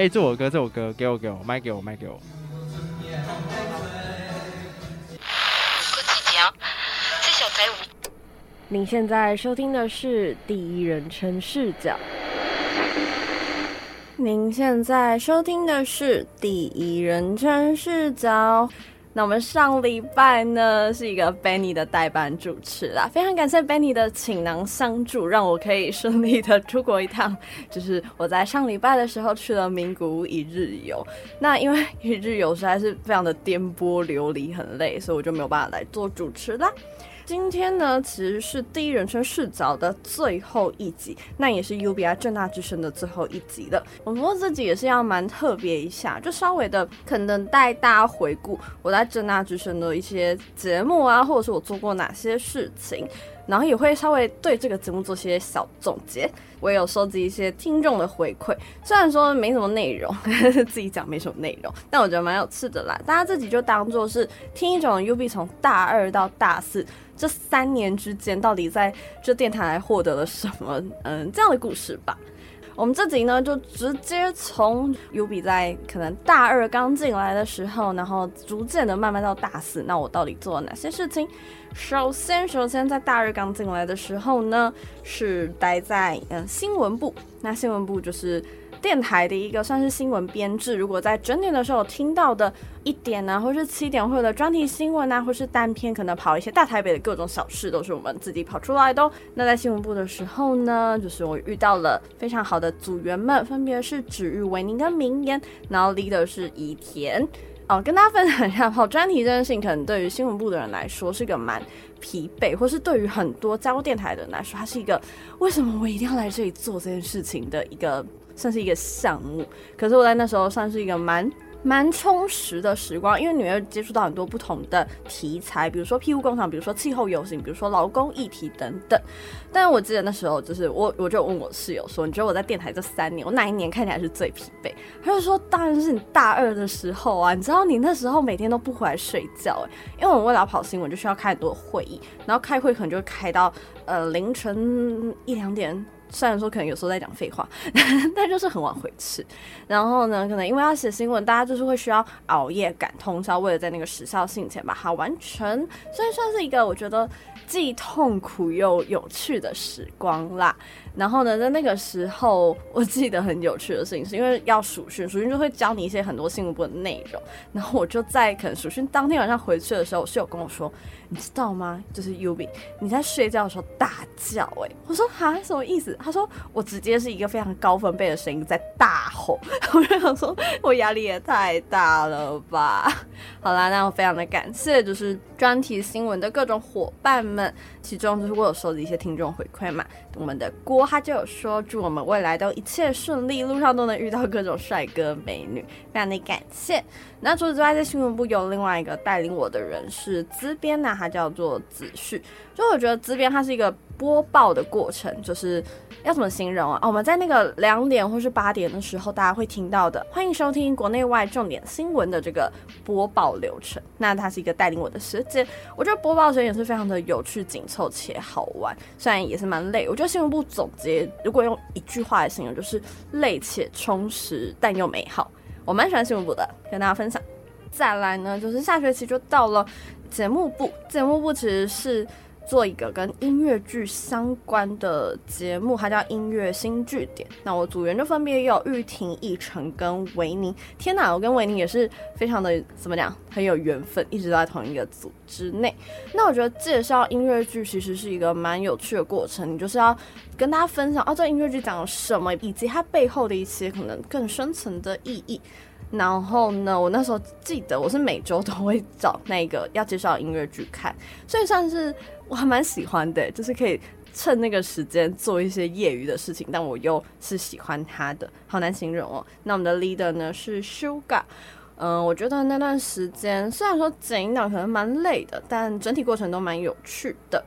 哎、欸，這首歌，這首歌給我，給我，給我麥給我，麥給我。您 現在收聽的是第一人稱視角。您 現在收聽的是第一人稱視角。那我們上禮拜呢，是一個 Benny 的代班主持啦，非常感謝 Benny 的傾囊相助，讓我可以順利的出國一趟。就是我在上禮拜的時候去了名古屋一日遊，那因為一日遊實在是非常的顛簸流離，很累，所以我就沒有辦法來做主持啦。今天呢，其實是第一人稱視角的最後一集，那也是 Yubi 政大之聲的最後一集了。我摸自己也是要蠻特別一下，就稍微的可能帶大家回顧我在政大之聲的一些節目啊，或者是我做過哪些事情。然後也會稍微對這個節目做些小總結，我也有收集一些聽眾的回饋，雖然說沒什麼內容，呵呵，自己講沒什麼內容，但我覺得蠻有趣的啦。大家自己就當做是聽一種 Yubi 從大二到大四這三年之間到底在這電台獲得了什麼，嗯，這樣的故事吧。我們這集呢，就直接從 Yubi 在可能大二剛進來的時候，然後逐漸的慢慢到大四，那我到底做了哪些事情？首先，首先在大二剛進來的時候呢，是待在嗯、呃、新聞部，那新聞部就是。電台的一個算是新聞編制，如果在整點的時候聽到的一點呢、啊，或是七點或者專題新聞啊，或是單篇，可能跑一些大台北的各種小事，都是我們自己跑出來的。哦。那在新聞部的時候呢，就是我遇到了非常好的組員們，分別是指日、維寧跟名言，然後 leader 是伊田。哦，跟大家分享一下，跑專題這件事情，可能對於新聞部的人來說是一個蠻疲憊，或是對於很多加入電台的人來說，它是一個為什麼我一定要來這裡做這件事情的一個，算是一個項目。可是我在那時候算是一個蠻。蠻充實的時光，因為你會接觸到很多不同的題材，比如說庇護工廠，比如說氣候遊行，比如說勞工議題等等。但是我記得那時候，就是我我就問我室友說，你覺得我在電台這三年，我哪一年看起來是最疲憊？他就說，當然是你大二的時候啊，你知道你那時候每天都不回來睡覺。欸，哎，因為我們為了跑新聞就需要開很多會議，然後開會可能就開到呃凌晨一兩點。雖然說可能有時候在講廢話，但，但就是很晚回去。然後呢，可能因為要寫新聞，大家就是會需要熬夜趕通宵，為了在那個時效性前把它完成。所以算是一個我覺得既痛苦又有趣的時光啦。然後呢，在那個時候，我記得很有趣的事情，是因為要暑訓，暑訓就會教你一些很多新聞部的內容。然後我就在可能暑訓當天晚上回去的時候，我室友跟我說：“你知道嗎？就是 Yubi，你在睡覺的時候大叫。”誒，我說哈什麼意思？他說我直接是一個非常高分貝的聲音在大吼。我就想說，我壓力也太大了吧。好啦，那我非常的感謝，就是專題新聞的各種夥伴們。其中就是我有收集一些聽眾回饋嘛，我們的郭他就有說祝我們未來都一切順利，路上都能遇到各種帥哥美女，非常的感謝。那除此之外，在新聞部有另外一個帶領我的人是資編呢，他叫做子旭。因為我覺得這邊它是一個播報的過程，就是要怎麼形容啊？哦、我們在那個兩點或是八點的時候，大家會聽到的，歡迎收聽國內外重點新聞的這個播報流程。那它是一個帶領我的時間。我覺得播報時間也是非常的有趣，緊湊且好玩，雖然也是蠻累。我覺得新聞部總結，如果用一句話來形容，就是累且充實，但又美好。我蠻喜歡新聞部的，跟大家分享。再來呢，就是下學期就到了節目部。節目部其實是。做一個跟音樂劇相關的節目，它叫音樂新據點。那我組員就分別有玉婷、逸晨跟維尼。天吶，我跟維尼也是非常的怎麼講，很有緣分，一直在同一個組之內。那我覺得介紹音樂劇其實是一個蠻有趣的過程，你就是要跟大家分享哦、啊，這個、音樂劇講什麼，以及它背後的一些可能更深層的意義。然後呢，我那時候記得我是每周都會找那個要介紹音樂劇看，所以算是。我還蠻喜歡的，就是可以趁那個時間做一些業餘的事情，但我又是喜歡他的，好難形容哦、喔。那我們的 leader 呢，是 Suga 嗯，我覺得那段時間雖然說剪影檔可能蠻累的，但整體過程都蠻有趣的。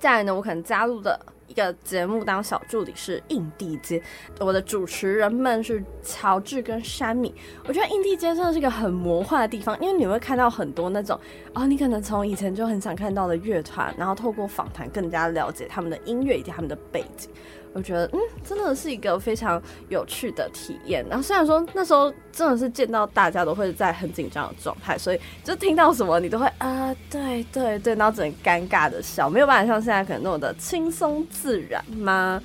再來呢，我可能加入的。一個節目當小助理是印地街，我的主持人們是喬治跟山米。我覺得印地街真的是一個很魔幻的地方，因為你會看到很多那種，啊、哦，你可能從以前就很想看到的樂團，然後透過訪談更加了解他們的音樂以及他們的背景。我覺得，嗯，真的是一個非常有趣的體驗。然後雖然說那時候真的是見到大家都會在很緊張的狀態，所以就聽到什麼你都會啊、呃，對對對，然後只能尷尬的笑，沒有辦法像現在可能那麼的輕鬆自然嗎？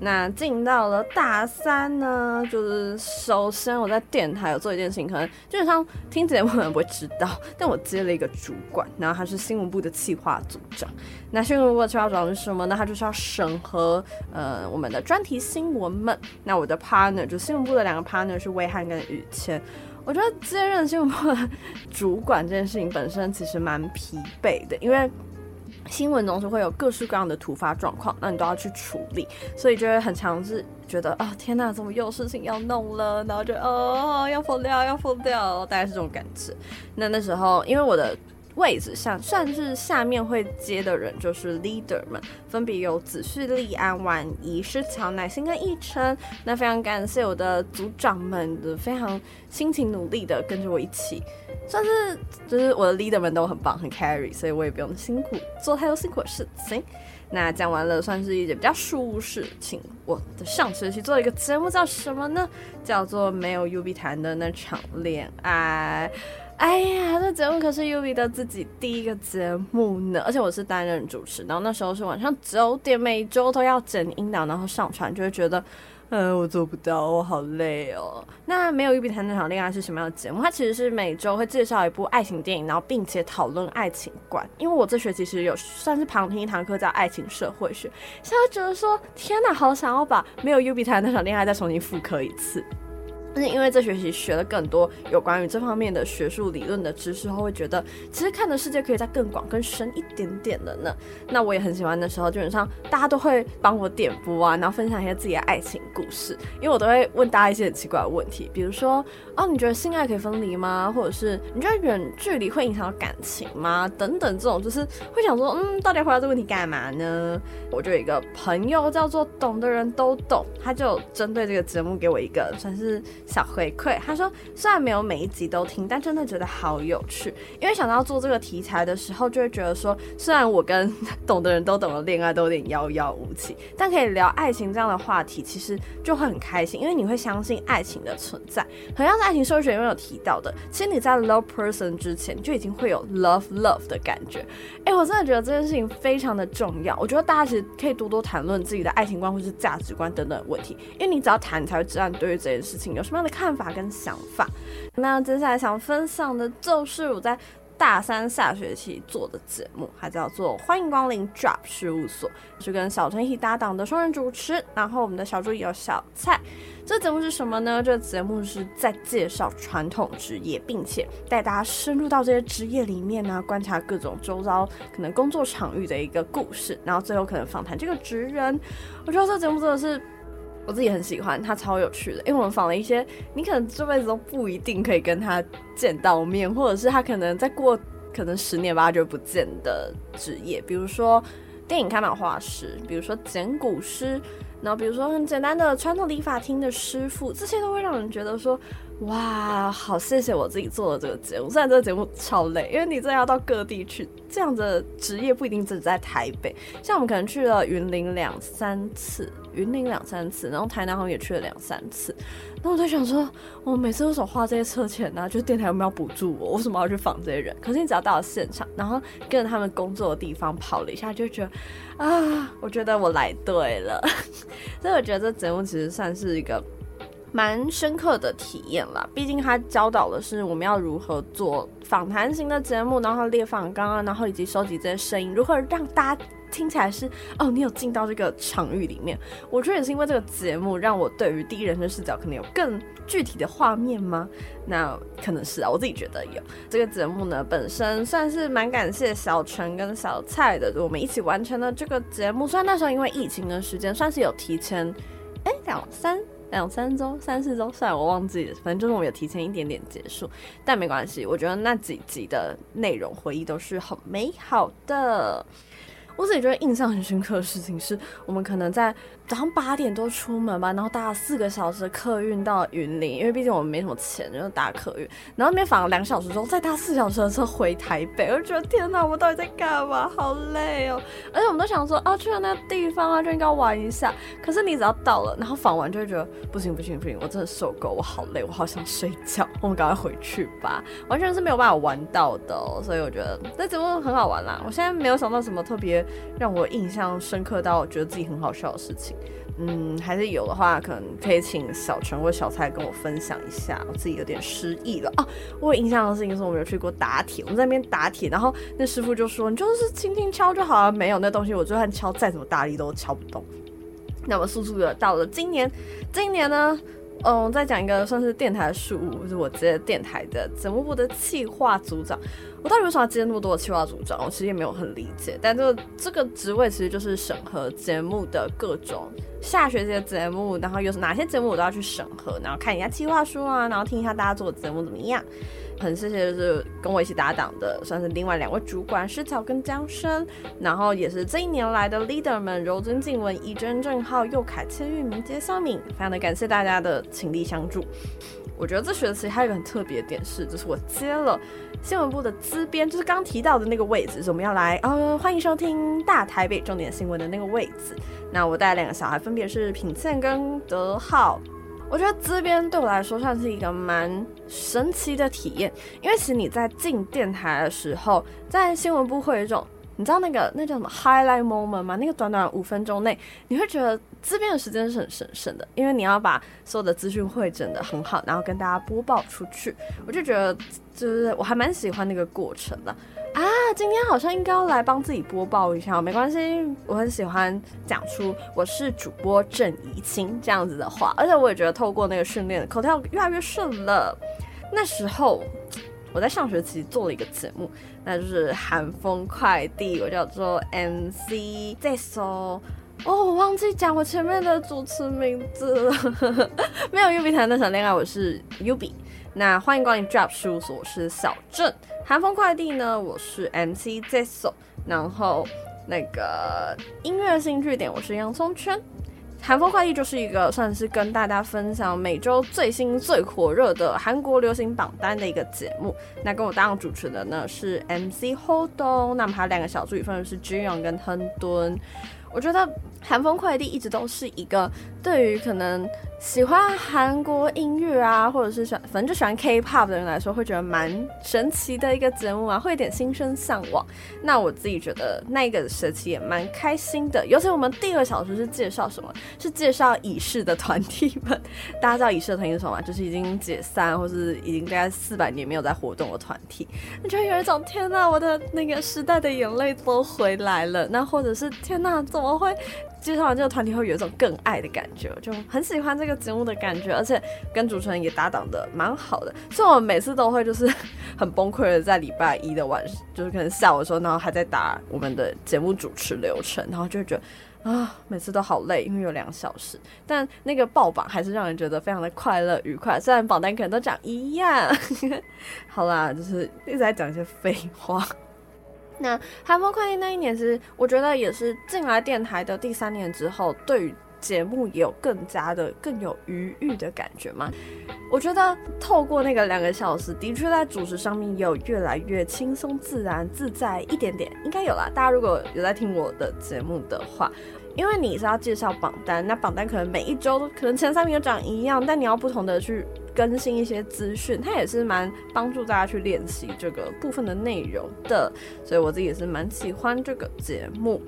那進到了大三呢，就是首先我在電台有做一件事情，可能基本上聽節目的人不會知道，但我接了一個主管，然後他是新聞部的企劃組長。那新聞部的企劃組長是什麼呢？那他就是要審核呃，我們的專題新聞們。那我的 partner，就新聞部的兩個 partner 是魏漢跟雨謙。我覺得接任新聞部的主管這件事情本身其實蠻疲憊的，因為。新聞總是會有各式各樣的突發狀況，那你都要去處理，所以就會很常是覺得啊、哦，天吶，怎麼又有事情要弄了？然後就哦，要瘋掉，要瘋掉，大概是這種感覺。那那時候，因為我的。位置上，算是下面會接的人就是 leader 們，分別有子旭、立安、安、婉怡、詩喬、乃心跟逸晨。那非常感謝我的組長們的非常辛勤努力的跟着我一起，算是就是我的 leader 們都很棒，很 carry，所以我也不用辛苦做太多辛苦的事情。那講完了，算是一件比較舒適。請我的上學期做的一個節目叫什麼呢？叫做沒有 Yubi 談的那場戀愛。哎呀，這節目可是 Yubi 的自己第一個節目呢，而且我是擔任主持。然後那時候是晚上九點，每周都要剪音檔，然後上傳，就會覺得，嗯、呃、我做不到，我好累哦。那沒有 Yubi 談那場戀愛是什麼樣的節目？它其實是每周會介紹一部愛情電影，然後並且討論愛情觀。因為我這學期其實有算是旁聽一堂課叫愛情社會學，現在覺得說，天哪，好想要把沒有 Yubi 談那場戀愛再重新復刻一次。但是因為這學期學了更多有關於這方面的學術理論的知識後，會覺得其實看的世界可以再更廣、更深一點點的呢。那我也很喜歡那時候，基本上大家都會幫我點播啊，然後分享一些自己的愛情故事，因為我都會問大家一些很奇怪的問題，比如說哦，你覺得性愛可以分離嗎？或者是你覺得遠距離會影響到感情嗎？等等，這種就是會想說，嗯，到底回答這個問題幹嘛呢？我就有一個朋友叫做懂的人都懂，他就針對這個節目給我一個算是。小回饋，他說雖然沒有每一集都聽，但真的覺得好有趣。因為想到做這個題材的時候，就會覺得說，雖然我跟懂的人都懂了，戀愛都有點遙遙無期，但可以聊愛情這樣的話題，其實就會很開心。因為你會相信愛情的存在，同樣的，愛情社會學也沒有提到的，其實你在 love person 之前，就已經會有 love love 的感覺。哎，我真的覺得這件事情非常的重要。我覺得大家其實可以多多談論自己的愛情觀或是價值觀等等的問題，因為你只要談，你才會知道你對於這件事情有什麼。他的看法跟想法。那接下來想分享的就是我在大三下學期做的節目，它叫做《歡迎光臨 Drop 事務所》，是跟小陳一起搭檔的雙人主持。然後我們的小助理有小蔡。這節目是什麼呢？這節目是在介紹傳統職業，並且帶大家深入到這些職業裡面呢，觀察各種周遭可能工作場域的一個故事。然後最後可能訪談這個職人。我覺得這節目做的是。我自己很喜歡，他，超有趣的，因為我們訪了一些你可能這輩子都不一定可以跟他見到面，或者是他可能再過可能十年八就不見的職業，比如說電影看板畫師，比如說撿骨師，然後比如說很簡單的傳統理髮廳的師傅，這些都會讓人覺得說。哇，好，謝謝我自己做的這個節目。雖然這個節目超累，因為你真的要到各地去，這樣的職業不一定只在台北。像我們可能去了雲林兩三次，雲林兩三次，然後台南好像也去了兩三次。那我在想說，我每次為什麼花這些車錢呢、啊？就是電台有沒有補助我？為什麼要去訪這些人？可是你只要到了現場，然後跟着他們工作的地方跑了一下，就覺得啊，我覺得我來對了。 所以我覺得這節目其實算是一個。蠻深刻的體驗啦，畢竟他教導的是我們要如何做訪談型的節目，然後列訪綱、啊，然後以及收集這些聲音，如何讓大家聽起來是哦，你有進到這個場域裡面。我覺得也是因為這個節目，讓我對於第一人稱視角可能有更具體的畫面嗎？那可能是啊，我自己覺得有。這個節目呢，本身算是蠻感謝小陳跟小蔡的，我們一起完成了這個節目。雖然那時候因為疫情的時間，算是有提前，哎，兩三。兩三周、三四周，雖然我忘記了，反正就是我們有提前一點點結束，但沒關係。我覺得那幾集的內容回憶都是很美好的。我自己覺得印象很深刻的事情是，我們可能在早上八點多出門吧，然後搭了四個小時的客運到雲林，因為畢竟我們沒什麼錢，就是搭客運，然後那邊訪了兩小時之後，再搭四小時的車回台北，我就覺得天哪，我到底在幹嘛？好累哦！而且我們都想說啊，去了那個地方啊，就應該玩一下。可是你只要到了，然後訪完就會覺得不行不行不行，我真的受夠，我好累，我好想睡覺，我們趕快回去吧，完全是沒有辦法玩到的哦。所以我覺得這節目很好玩啦。我現在沒有想到什麼特別。讓我印象深刻到我覺得自己很好笑的事情，嗯，還是有的話，可能可以請小陳或小蔡跟我分享一下。我自己有點失憶了啊，我有印象的事情是我沒有去過打鐵，我們在那邊打鐵，然後那師傅就說，你就是輕輕敲就好了，沒有那東西，我就算敲再怎麼大力都敲不動。那麼，速速的到了今年，今年呢？嗯，再講一個算是電台的事物，就是我接電台的節目部的企劃組長。我到底為什麼接那麼多的企劃組長？我其實也沒有很理解。但這個這個職位其實就是審核節目的各種。下學期的節目，然後又是哪些節目我都要去審核，然後看一下計劃書啊，然後聽一下大家做的節目怎麼樣。很謝謝就是跟我一起搭檔的，算是另外兩位主管，石橋跟江生，然後也是這一年來的 leader 們柔尊靜文、怡珍正浩、右凱千玉明、傑小敏，非常的感謝大家的傾力相助。我覺得這學期還有一個很特別的點是，就是我接了新聞部的資編，就是剛提到的那個位置，就是我們要來呃，歡迎收聽大台北重點新聞的那個位置。那我帶兩個小孩，分別是品茜跟德浩。我覺得資編對我來說算是一個蠻神奇的體驗，因為其實你在進電台的時候，在新聞部會有一種，你知道那個那叫什麼 highlight moment 嗎？那個短短五分鐘內，你會覺得。自辯的時間是很神聖的，因為你要把所有的資訊會整得很好，然後跟大家播報出去。我就覺得，就是我還蠻喜歡那個過程的。啊，今天好像應該要來幫自己播報一下，沒關係，我很喜歡講出我是主播鄭怡清這樣子的話。而且我也覺得透過那個訓練，口條越來越順了。那時候我在上學期做了一個節目，那就是韓風快遞，我叫做 MC ZSO 哦，我忘記講我前面的主持名字了。 沒有、Yubi 談那場戀愛，我是、Yubi。那歡迎光臨 Drop 事務所，我是小鄭。韓風快遞呢，我是 MC Zeso。然後那個音樂性據點，我是洋蔥圈。韓風快遞就是一個算是跟大家分享每週最新最火熱的韓國流行榜單的一個節目。那跟我搭檔主持的呢是 MC Ho Dong。那麼還有兩個小助理，分別是 j g Yong 跟 Hendon。我覺得韓風快遞一直都是一個對於可能，喜歡韓國音樂啊，或者是喜歡，反正就喜歡 K-pop 的人來說，會覺得蠻神奇的一個節目啊，會有點心生嚮往。那我自己覺得那個時期也蠻開心的，尤其我們第二小時是介紹什麼？是介紹已逝的團體們。大家知道已逝的團體是什麼嗎？就是已經解散，或是已經大概四百年沒有在活動的團體。你覺得有一種天吶，我的那個時代的眼淚都回來了。那或者是天吶，怎麼會？介紹完這個團體後有一種更愛的感覺，就很喜歡這個節目的感覺，而且跟主持人也搭檔的蠻好的，所以我們每次都會就是很崩潰的在禮拜一的晚上，就是可能下午的時候，然後還在打我們的節目主持流程，然後就會覺得啊、哦，每次都好累，因為有兩小時，但那個報榜還是讓人覺得非常的快樂愉快，雖然榜單可能都長一樣， 好啦，就是一直在講一些廢話。那韓風快遞那一年是，我覺得也是進來電台的第三年之後，對於節目也有更加的、更有餘裕的感覺嘛？我覺得透過那個兩個小時，的確在主持上面也有越來越輕鬆、自然、自在一點點，應該有啦。大家如果有在聽我的節目的話，因為你是要介紹榜單，那榜單可能每一週都可能前三名都長一樣，但你要不同的去更新一些資訊，它也是蠻幫助大家去練習這個部分的內容的，所以我自己也是蠻喜歡這個節目。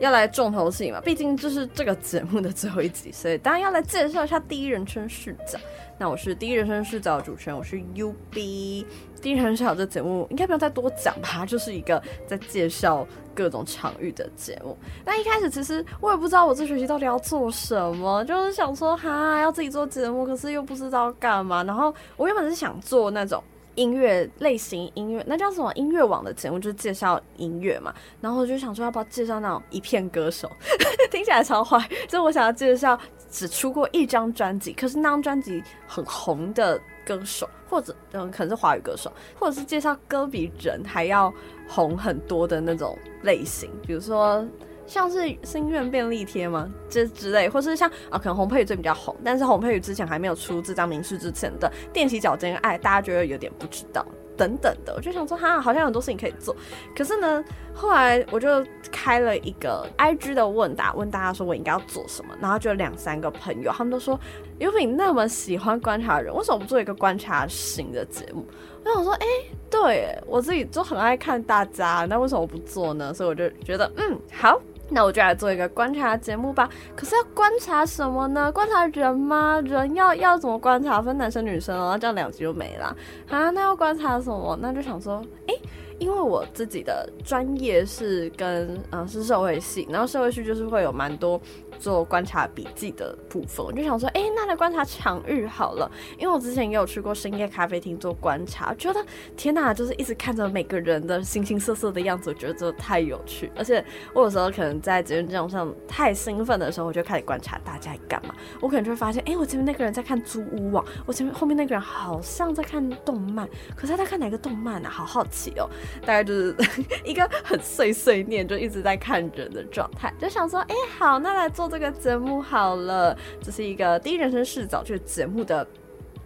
要來重頭戲嘛，畢竟就是這個節目的最後一集，所以當然要來介紹一下第一人稱視角。那我是第一人稱視角的主持人，我是 Yubi。第一人稱視角這節目應該不用再多講吧，就是一個在介紹各種場域的節目。但一開始其實我也不知道我這學期到底要做什麼，就是想說哈、啊、要自己做節目，可是又不知道幹嘛。然後我原本是想做那種。音樂類型音樂，那叫什麼音樂網的節目，就是介紹音樂嘛。然後我就想說，要不要介紹那種一片歌手，呵呵聽起來超壞。就我想要介紹只出過一張專輯，可是那張專輯很紅的歌手，或者嗯，可能是華語歌手，或者是介紹歌比人還要紅很多的那種類型，比如說。像是心願便利貼嗎？這之類，或是像啊，可能洪佩瑜最比較紅，但是洪佩瑜之前還沒有出這張《名字》之前的《踮起腳尖愛》，大家覺得有點不知道等等的，我就想說，哈，好像很多事情可以做。可是呢，後來我就開了一個 I G 的問答，問大家說我應該要做什麼，然後就有兩三個朋友，他們都說，Yubi 你那麼喜歡觀察人，為什麼不做一個觀察型的節目？我想說，哎、欸，對我自己就很愛看大家，那為什麼不做呢？所以我就覺得，嗯，好。那我就來做一個觀察節目吧。可是要觀察什麼呢？觀察人嗎？人要要怎麼觀察？分男生女生哦，然後這樣兩集就沒了。好啊，那要觀察什麼？那就想說，誒，因為我自己的專業是跟，呃，是社會系，然後社會系就是會有蠻多。做觀察筆記的部分，我就想說，哎、欸，那來觀察場域好了，因為我之前也有去過深夜咖啡廳做觀察，覺得天哪，就是一直看着每個人的形形色色的樣子，我覺得真的太有趣。而且我有時候可能在節目這種上太興奮的時候，我就開始觀察大家在幹嘛，我可能就會發現，哎、欸，我前面那個人在看租屋網，啊，我前面後面那個人好像在看動漫，可是他在看哪個動漫啊？好好奇哦，大概就是呵呵一個很碎碎念，就一直在看人的狀態，就想說，哎、欸，好，那來做這個節目好了，這是一個第一人稱視角這節目的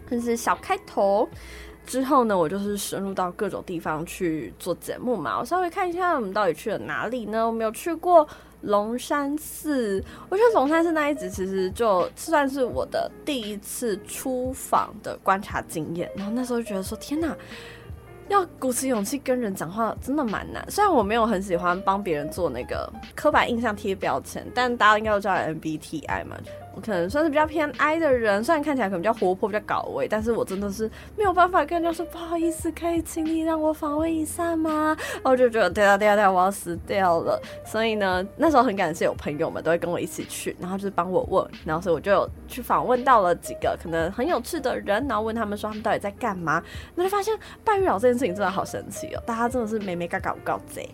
就是小開頭。之後呢，我就是深入到各種地方去做節目嘛。我稍微看一下我們到底去了哪裡呢？我們有去過龍山寺，我覺得龍山寺那一集其實就算是我的第一次出訪的觀察經驗。然後那時候就覺得說，天哪！要鼓起勇氣跟人講話，真的蠻難。雖然我沒有很喜歡幫別人做那個刻板印象貼標籤，但大家應該都知道 MBTI 嘛。可能算是比較偏 i 的人，雖然看起來可能比較活潑、比較搞怪，但是我真的是沒有辦法跟人家說，不好意思，可以請你讓我訪問一下嗎？然後我就覺得，對啊，對啊，對啊，我要死掉了。所以呢，那時候很感謝有朋友們都會跟我一起去，然後就是幫我問，然後所以我就有去訪問到了幾個可能很有趣的人，然後問他們說他們到底在幹嘛，那就發現拜月老這件事情真的好神奇哦，大家真的是沒沒搞搞搞賊。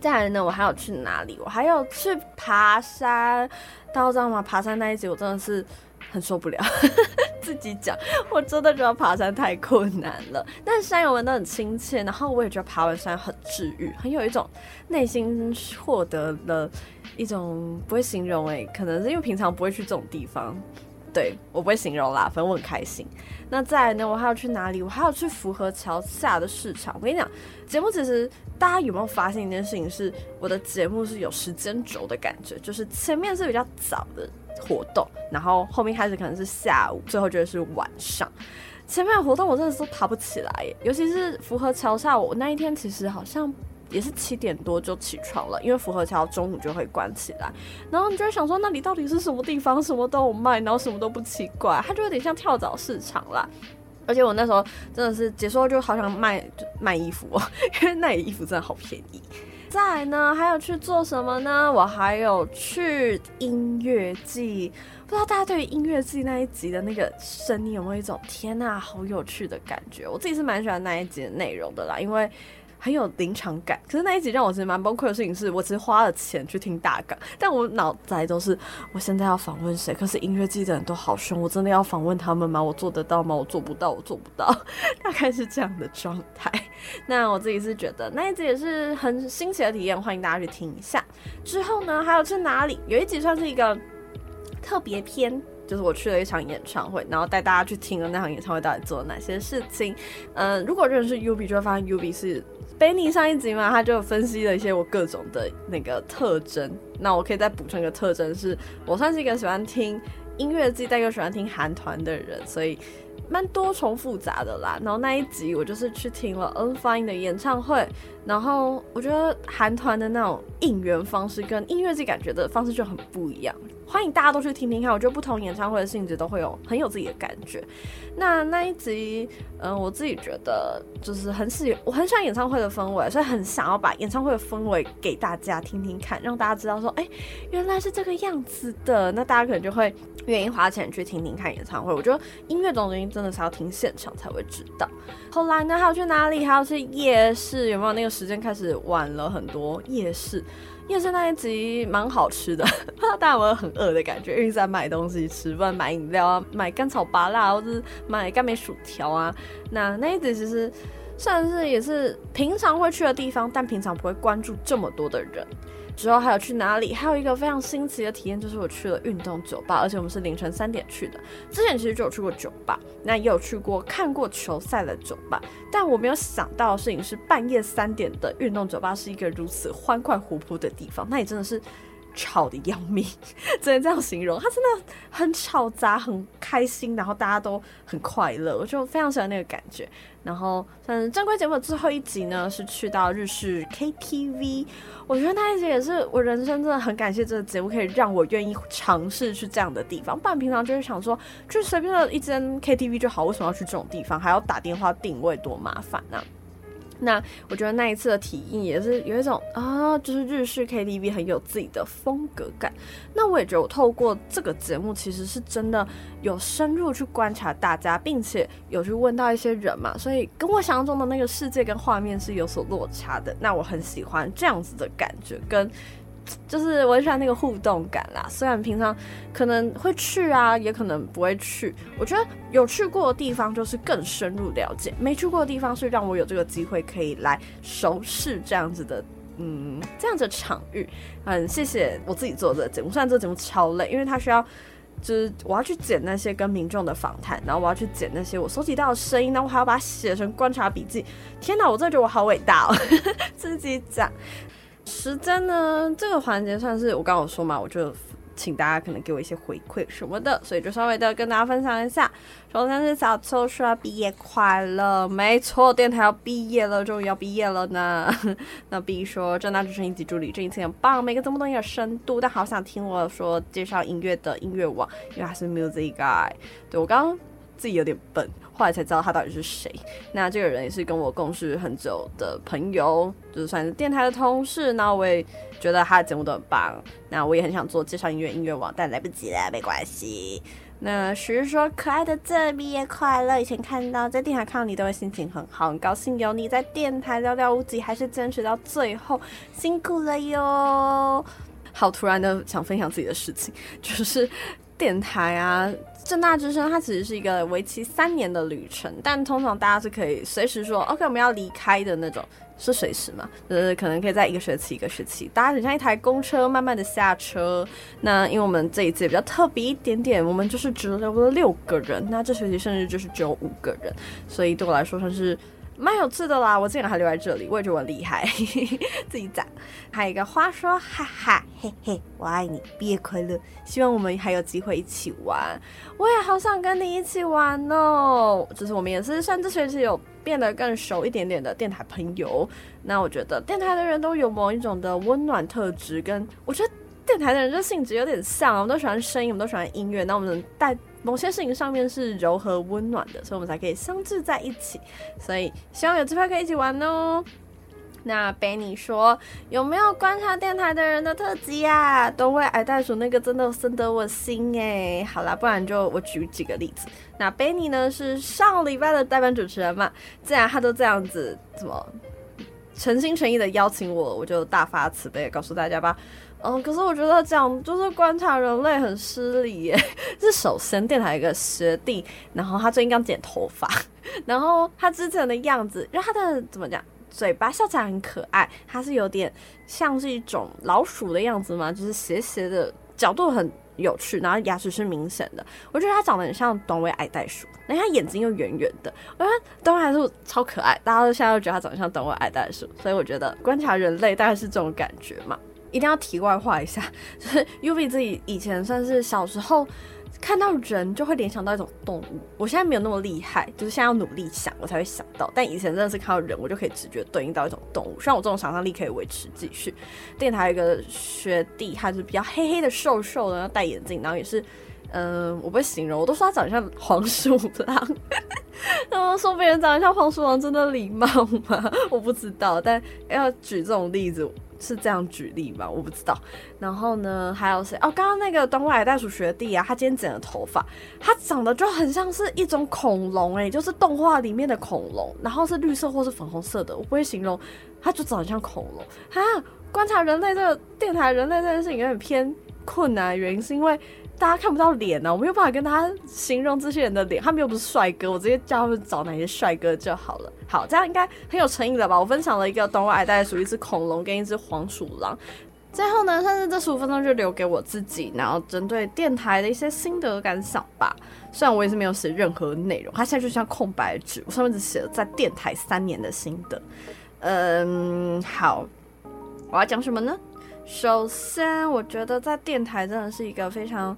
再來呢，我還有去哪裡？我還有去爬山，大家知道嗎？爬山那一集我真的是很受不了， 自己講，我真的覺得爬山太困難了。但山友們都很親切，然後我也覺得爬完山很治癒，很有一種內心獲得了一種不會形容誒、欸，可能是因為平常不會去這種地方。對，我不會形容啦，反正我很開心。那再來呢？我還要去哪裡？我還要去福和橋下的市場。我跟你講，節目其實大家有沒有發現一件事情？是我的節目是有時間軸的感覺，就是前面是比較早的活動，然後後面開始可能是下午，最後就是晚上。前面的活動我真的是爬不起來耶，尤其是福和橋下，我那一天其實好像。也是七點多就起床了，因為福和橋中午就會關起來。然後你就會想說，那裡到底是什麼地方？什麼都有賣，然後什麼都不奇怪，它就有點像跳蚤市場啦。而且我那時候真的是解說，就好想賣就賣衣服、喔，因為那裡衣服真的好便宜。再來呢，還有去做什麼呢？我還有去音樂季，不知道大家對於音樂季那一集的那個聲音有沒有一種天吶、啊，好有趣的感覺？我自己是蠻喜歡那一集的內容的啦，因為。很有臨場感，可是那一集讓我其實蠻崩潰的事情是，我其實花了錢去聽大綱，但我腦袋都是我現在要訪問誰？可是音樂記者都好凶，我真的要訪問他們嗎？我做得到嗎？我做不到，我做不到，大概是這樣的狀態。那我自己是覺得那一集也是很新奇的體驗，歡迎大家去聽一下。之後呢，還有去哪裡？有一集算是一個特別篇，就是我去了一場演唱會，然後帶大家去聽了那場演唱會到底做了哪些事情。嗯，如果認識 Yubi，就會發現 Yubi 是，貝尼上一集嘛，他就分析了一些我各種的那個特徵。那我可以再補充一個特徵是，是我算是一個喜歡聽音樂劇，但又喜歡聽韓團的人，所以蠻多重複雜的啦。然後那一集我就是去聽了 Unfine 的演唱會，然後我覺得韓團的那種應援方式跟音樂劇感覺的方式就很不一樣。歡迎大家都去聽聽看，我覺得不同演唱會的性質都會有很有自己的感覺。那那一集，嗯，我自己覺得就是很喜，我很喜歡演唱會的氛圍，所以很想要把演唱會的氛圍給大家聽聽看，讓大家知道說，哎，原來是這個樣子的。那大家可能就會願意花錢去聽聽看演唱會。我覺得音樂總歸真的是要聽現場才會知道。後來呢，還要去哪裡？還要去夜市，有沒有？那個時間開始晚了很多，夜市。夜市那一集蠻好吃的，但我有很餓的感覺，因為在買東西吃、吃飯、買飲料啊，買甘草芭樂，或者是買甘梅薯條啊。那那一集其實算是也是平常會去的地方，但平常不會關注這麼多的人。之後還有去哪裡？還有一個非常新奇的體驗，就是我去了運動酒吧，而且我們是凌晨三點去的。之前其實就有去過酒吧，那也有去過看過球賽的酒吧，但我沒有想到的事情是，半夜三點的運動酒吧是一個如此歡快活潑的地方，那也真的是。吵得要命，只能這樣形容。他真的很吵雜，很開心，然後大家都很快樂，我就非常喜歡那個感覺。然後，嗯，正規節目的最後一集呢是去到日式 KTV，我覺得那一集也是我人生真的很感謝這個節目，可以讓我願意嘗試去這樣的地方。不然平常就是想說，去隨便的一間 KTV 就好，為什麼要去這種地方？還要打電話定位，多麻煩啊！那我覺得那一次的體驗也是有一種啊，就是日式 KTV 很有自己的風格感。那我也覺得我透過這個節目，其實是真的有深入去觀察大家，並且有去問到一些人嘛，所以跟我想象中的那個世界跟畫面是有所落差的。那我很喜歡這樣子的感覺跟。就是我很喜歡那個互動感啦，雖然平常可能會去啊，也可能不會去。我覺得有去過的地方就是更深入了解，沒去過的地方是讓我有這個機會可以來熟悉這樣子的，嗯，這樣子的場域。嗯，謝謝我自己做的節目，雖然這個節目超累，因為它需要就是我要去剪那些跟民眾的訪談，然後我要去剪那些我收集到的聲音，然後我還要把它寫成觀察筆記。天哪，我真的覺得我好偉大哦，呵呵，自己講。時間呢，這個環節算是我剛剛說嘛，我就請大家可能給我一些回饋什麼的，所以就稍微的跟大家分享一下。首先是小秋說：“畢業快樂，沒錯，電台要畢業了，終於要畢業了呢。 ”那 B 說：“政大之聲一級助理，這一季很棒，每個節目都有深度，但好想聽我說介紹音樂的音樂網，因為他是 music guy。”對我剛。自己有點笨，後來才知道他到底是誰。那這個人也是跟我共事很久的朋友，就是算是電台的同事。那我也覺得他的節目都很棒。那我也很想做介紹音樂音樂網，但來不及了，沒關係。那徐說：“可愛的，這邊也快樂。以前看到在電台看到你，都會心情很好，很高興有你在電台。寥寥無幾，還是堅持到最後，辛苦了喲。”好，突然的想分享自己的事情，就是電台啊。政大之聲，它其實是一個為期三年的旅程，但通常大家是可以隨時說 “OK，我們要離開”的那種，是隨時嘛？呃，可能可以在一個學期一個學期，大家很像一台公車，慢慢的下車。那因為我們這一次也比較特別一點點，我們就是只留了六個人，那這學期甚至就是只有五個人，所以對我來說算是。蠻有趣的啦，我竟然還留在這裡，我也覺得很厲害呵呵，自己讚。還有一個花說，哈哈嘿嘿，我愛你，畢業快樂，希望我們還有機會一起玩。我也好想跟你一起玩哦，就是我們也是算這學期有變得更熟一點點的電台朋友。那我覺得電台的人都有某一種的溫暖特質，跟我覺得電台的人的性質有點像，我們都喜歡聲音，我們都喜歡音樂，那我們能帶。某些事情上面是柔和溫暖的，所以我們才可以相聚在一起。所以希望有機會可以一起玩哦。那 Benny 說：“有沒有觀察電台的人的特輯呀、啊？都會矮袋鼠那個真的深得我心哎、欸。好啦，不然就我舉幾個例子。那 Benny 呢是上禮拜的代班主持人嘛，既然他都這樣子怎麼誠心誠意的邀請我，我就大發慈悲告訴大家吧。”嗯，可是我覺得這樣就是觀察人類很失禮耶。是首先電台一個學弟，然後他最近剛剪頭髮，然後他之前的樣子，因為他的怎麼講，嘴巴笑起來很可愛，他是有點像是一種老鼠的樣子嘛，就是斜斜的角度很有趣，然後牙齒是明顯的，我覺得他長得很像短尾矮袋鼠，然後他眼睛又圓圓的，我覺得短尾矮袋鼠超可愛，大家都現在都覺得他長得像短尾矮袋鼠，所以我覺得觀察人類大概是這種感覺嘛。一定要題外話一下，就是 Yubi 自己以前算是小時候看到人就會聯想到一種動物，我現在沒有那麼厲害，就是現在要努力想我才會想到。但以前真的是看到人，我就可以直覺對應到一種動物。像我這種想象力可以維持繼續。電台有一個學弟，他是比較黑黑的、瘦瘦的，然後戴眼鏡，然後也是，嗯、呃，我不會形容，我都說他長得像黃鼠狼。 然後說別人長得像黃鼠狼，真的禮貌嗎？我不知道，但要舉這種例子。是這樣舉例嗎？我不知道。然後呢，還有誰？哦，剛剛那個東海袋鼠學弟啊，他今天剪了頭髮，他長得就很像是一種恐龍，誒，就是動畫裡面的恐龍，然後是綠色或是粉紅色的，我不會形容，他就長得像恐龍啊。觀察人類這個電台，人類這件事情有點偏困難，啊，原因是因為。大家看不到臉呢、啊，我沒有辦法跟大家形容這些人的臉，他們又不是帥哥，我直接叫他們找哪些帥哥就好了。好，這樣應該很有誠意了吧？我分享了一個動物矮袋鼠，一隻恐龍跟一隻黃鼠狼。最後呢，算是這十五分鐘就留給我自己，然後針對電台的一些心得感想吧。雖然我也是沒有寫任何內容，它現在就像空白紙，我上面只寫了在電台三年的心得。嗯，好，我要講什麼呢？首先，我覺得在電台真的是一個非常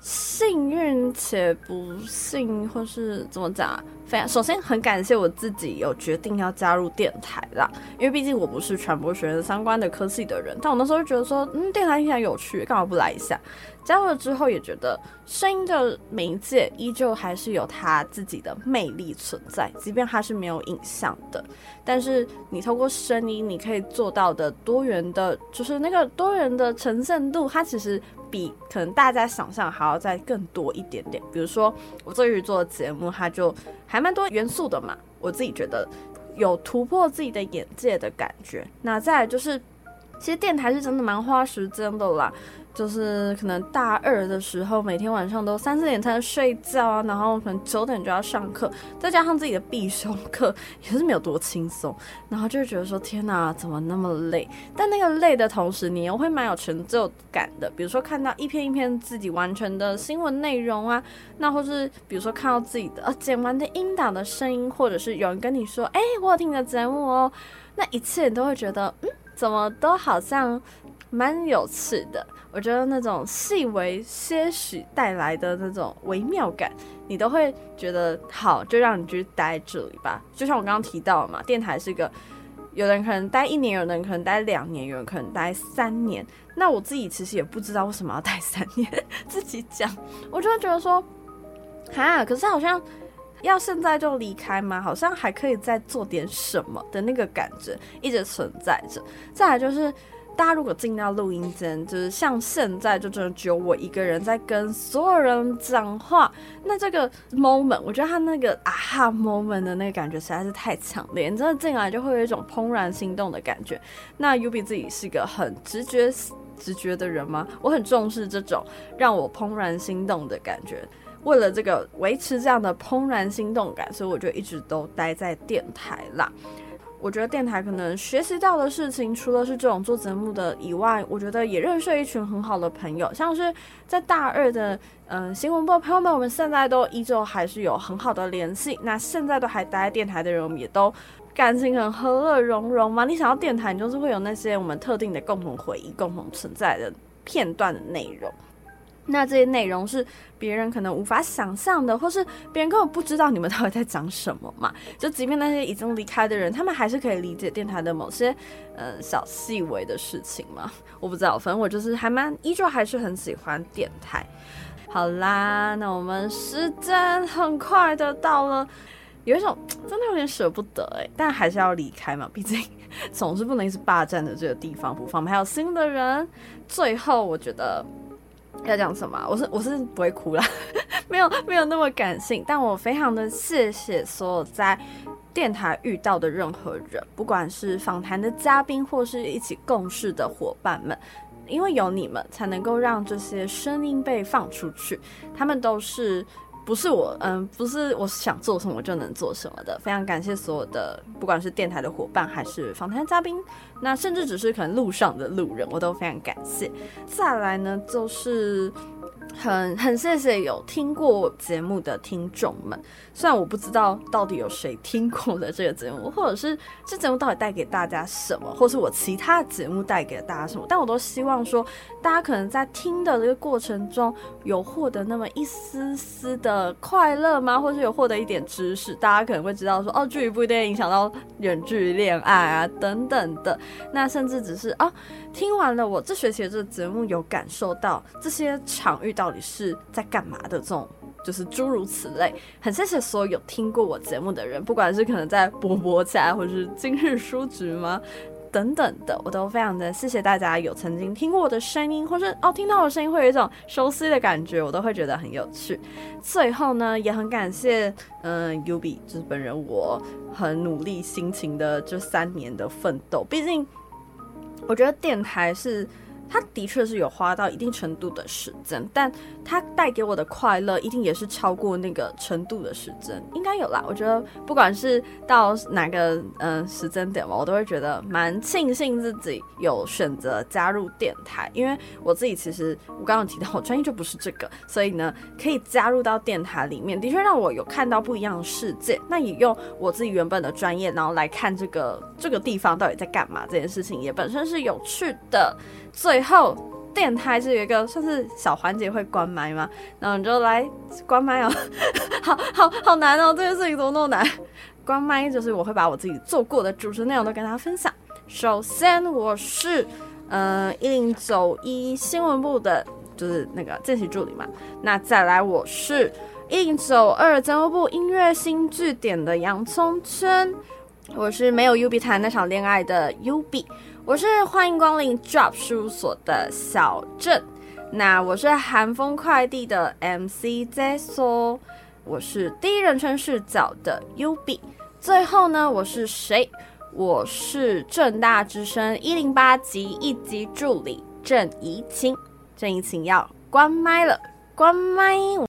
幸運且不幸，或是怎麼講啊？非常，首先，很感謝我自己有決定要加入電台啦，因為畢竟我不是傳播學院相關的科系的人，但我那時候就覺得說，嗯，電台聽起來有趣，幹嘛不來一下？加入了之後也覺得聲音的媒介依舊還是有它自己的魅力存在，即便它是沒有影像的，但是你透過聲音你可以做到的多元的，就是那個多元的呈現度，它其實比可能大家想象還要再更多一點點。比如說我最近做的節目，它就還蠻多元素的嘛，我自己覺得有突破自己的眼界的感覺。那再來就是，其實電台是真的蠻花時間的啦。就是可能大二的時候，每天晚上都三四點才能睡覺啊，然後可能九點就要上課，再加上自己的必修課，也是沒有多輕鬆。然後就會覺得說，天哪、啊，怎麼那麼累？但那個累的同時，你又會蠻有成就感的。比如說看到一篇一篇自己完成的新聞內容啊，那或是比如說看到自己的呃剪完的音檔的聲音，或者是有人跟你說，哎、欸，我有聽你的節目哦，那一切你都會覺得，嗯，怎麼都好像。蠻有趣的，我覺得那種細微些許帶來的那種微妙感，你都會覺得好，就讓你去待在這裡吧。就像我剛剛提到嘛，電台是一個，有人可能待一年，有人可能待兩年，有人可能待三年。那我自己其實也不知道為什麼要待三年，自己講，我就會覺得說，哈，可是好像要現在就離開嗎？好像還可以再做點什麼的那個感覺一直存在着。再來就是。大家如果進到錄音間，就是像現在，就真的只有我一個人在跟所有人講話。那這個 moment，我覺得他那個啊哈 moment 的那個感覺實在是太強烈，你真的進來就會有一種怦然心動的感覺。那 Yubi 自己是一個很直覺直覺的人嗎？我很重視這種讓我怦然心動的感覺。為了這個維持這樣的怦然心動感，所以我就一直都待在電台啦。我覺得電台可能學習到的事情，除了是這種做節目的以外，我覺得也認識一群很好的朋友，像是在大二的嗯、呃、新聞部的朋友們，我們現在都依舊還是有很好的聯繫。那現在都還待在電台的人，也都感情很和樂融融嘛。你想要電台，你就是會有那些我們特定的共同回憶、共同存在的片段的內容。那這些內容是別人可能無法想象的，或是別人根本不知道你們到底在講什麼嘛？就即便那些已經離開的人，他們還是可以理解電台的某些嗯、呃、小細微的事情嘛。我不知道，反正我就是還蠻依舊還是很喜歡電台。好啦，那我們時間很快的到了，有一種真的有點舍不得哎、欸，但還是要離開嘛，畢竟總是不能一直霸占着這個地方，不放，我們還有新的人。最後，我覺得。要講什麼？我是我是不會哭啦，沒有沒有那麼感性，但我非常的謝謝所有在電台遇到的任何人，不管是訪談的嘉賓或是一起共事的夥伴們，因為有你們才能夠讓這些聲音被放出去，他們都是。不是我，嗯，不是我想做什麼就能做什麼的。非常感謝所有的，不管是電台的夥伴，還是訪談嘉賓，那甚至只是可能路上的路人，我都非常感謝。再來呢，就是。很很謝謝有聽過我節目的聽眾們，雖然我不知道到底有誰聽過了這個節目，或者是這節目到底帶給大家什麼，或是我其他節目帶給大家什麼，但我都希望說，大家可能在聽的這個過程中，有獲得那麼一絲絲的快樂嗎？或是有獲得一點知識？大家可能會知道說，哦，距離不一定影響到遠距離戀愛啊等等的。那甚至只是啊，聽完了我這學期的這個節目，有感受到這些場域。到底是在幹嘛的？這種就是諸如此類。很謝謝所有有聽過我節目的人，不管是可能在播播家，或是今日書局嗎等等的，我都非常的謝謝大家有曾經聽過我的聲音，或是哦聽到我的聲音會有一種熟悉的感覺，我都會覺得很有趣。最後呢，也很感謝嗯、呃、，Yubi 就是本人，我很努力、辛勤的這三年的奮鬥。畢竟我覺得電台是。它的確是有花到一定程度的時間，但它帶給我的快樂一定也是超過那個程度的時間，應該有啦。我覺得不管是到哪個嗯時間點吧，我都會覺得蠻慶幸自己有選擇加入電台，因為我自己其實我剛剛提到我專業就不是這個，所以呢，可以加入到電台裡面，的確讓我有看到不一樣的世界。那也用我自己原本的專業，然後來看這個這個地方到底在幹嘛這件事情，也本身是有趣的。最最後電台是有一個算是小環節會關麥嗎？那我們就來關麥哦，喔， 好好好難哦，喔，這件事情怎麼那麼難！關麥就是我會把我自己做過的主持內容都跟大家分享。首先我是嗯一零九一新聞部的，就是那個見習助理嘛。那再來我是一零九二節目部音樂新據點的洋蔥圈，我是沒有 Yubi 談那場戀愛的 Yubi。我是歡迎光臨 Drop 事務所的小鄭。那我是韓風快遞的 MC JESO，我是第一人稱視角的 Yubi，最後呢，我是誰？我是政大之聲一零八級一級助理鄭怡清。鄭怡清要關麥了，關麥。